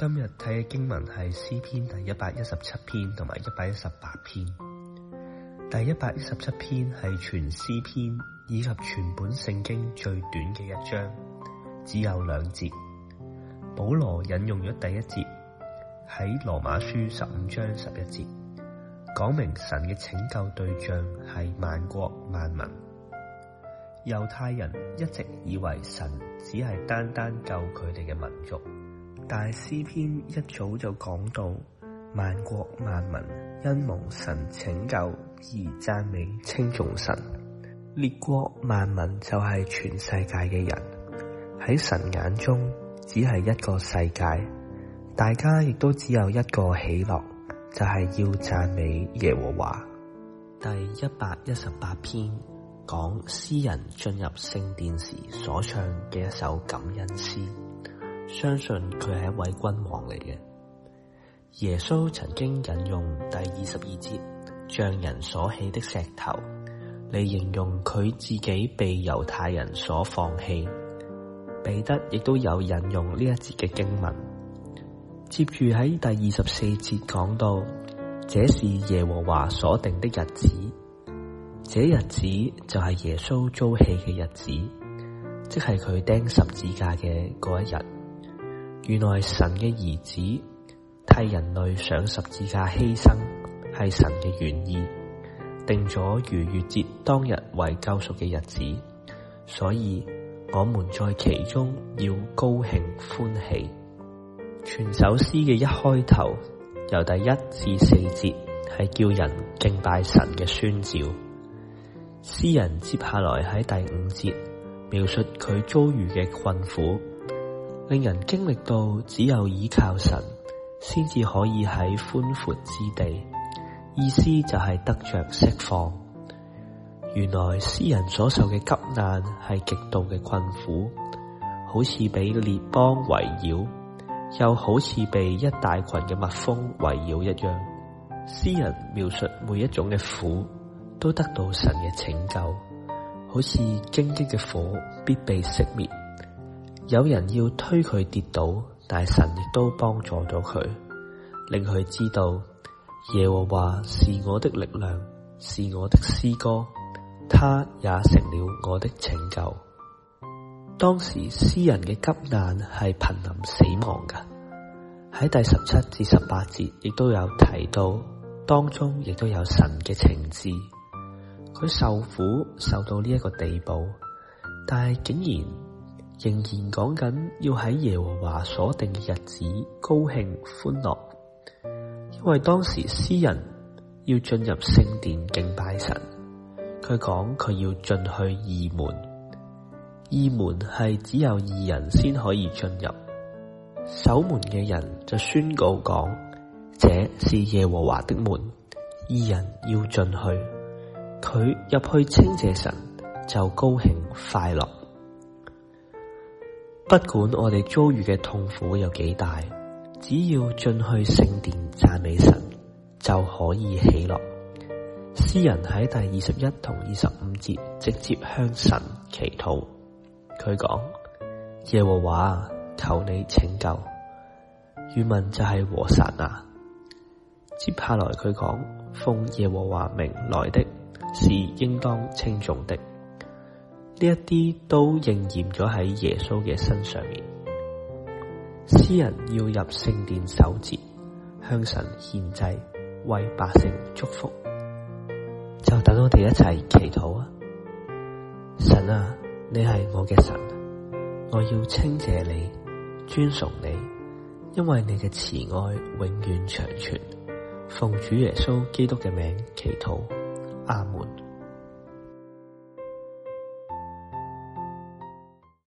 今日睇嘅經文係詩篇第一百一十七篇同埋一百一十八篇。第一百一十七篇係全詩篇以及全本聖經最短嘅一章，只有兩節。保羅引用咗第一節，喺羅馬書十五章十一節，講明神嘅拯救對象係萬國萬民。猶太人一直以為神只係單單救佢哋嘅民族。大詩篇一早就講到萬國萬民因蒙神拯救而讚美稱頌神，列國萬民就係全世界嘅人，喺神眼中只係一個世界，大家亦都只有一個喜樂，就係要讚美耶和華。第一百一十八篇講詩人進入聖殿時所唱嘅一首感恩詩。相信佢係一位君王嚟嘅。耶穌曾經引用第二十二節，匠人所棄的石頭，嚟形容佢自己被猶太人所放棄。彼得亦都有引用呢一節嘅經文。接住喺第二十四節講到，這是耶和華所定的日子。這日子就係耶穌遭棄嘅日子，即係佢釘十字架嘅嗰一日。原來神嘅兒子替人類上十字架犧牲，係神嘅原意，定咗逾越節當日為救贖嘅日子，所以我們在其中要高興歡喜。全首詩嘅一開頭，由第一至四節係叫人敬拜神嘅宣召，詩人接下來喺第五節描述佢遭遇嘅困苦。令人經歷到只有倚靠神，先至可以喺寬闊之地。意思就係得着釋放。原來詩人所受嘅急難係極度嘅困苦，好似被列邦圍繞，又好似被一大群嘅蜜蜂圍繞一樣。詩人描述每一種嘅苦，都得到神嘅拯救，好似荊棘嘅火必被熄滅。有人要推佢跌倒，但係神亦都幫助咗佢，令佢知道耶和華是我的力量，是我的詩歌，他也成了我的拯救。當時詩人嘅急難係瀕臨死亡噶，喺第十七至十八節亦都有提到，當中亦都有神嘅懲治。佢受苦受到呢一個地步，但係竟然。仍然講緊要喺耶和華所定嘅日子高興歡樂，因為當時詩人要進入聖殿敬拜神，佢講佢要進去義門，義門係只有義人先可以進入，守門嘅人就宣告講，這是耶和華的門，義人要進去，佢入去稱謝神就高興快樂。不管我哋遭遇嘅痛苦有幾大，只要進去聖殿讚美神，就可以喜樂。詩人喺第二十一同二十五節直接向神祈禱，佢講：耶和華，求你拯救。原文就係和神啊。接下來佢講奉耶和華名來的，是應當稱頌的。呢一啲都應驗咗喺耶穌嘅身上面。詩人要入聖殿守節，向神獻祭，為百姓祝福。就等我哋一齊祈禱啊！神啊，你係我嘅神，我要稱謝你，尊崇你，因為你嘅慈愛永遠長存。奉主耶穌基督嘅名祈禱，阿門。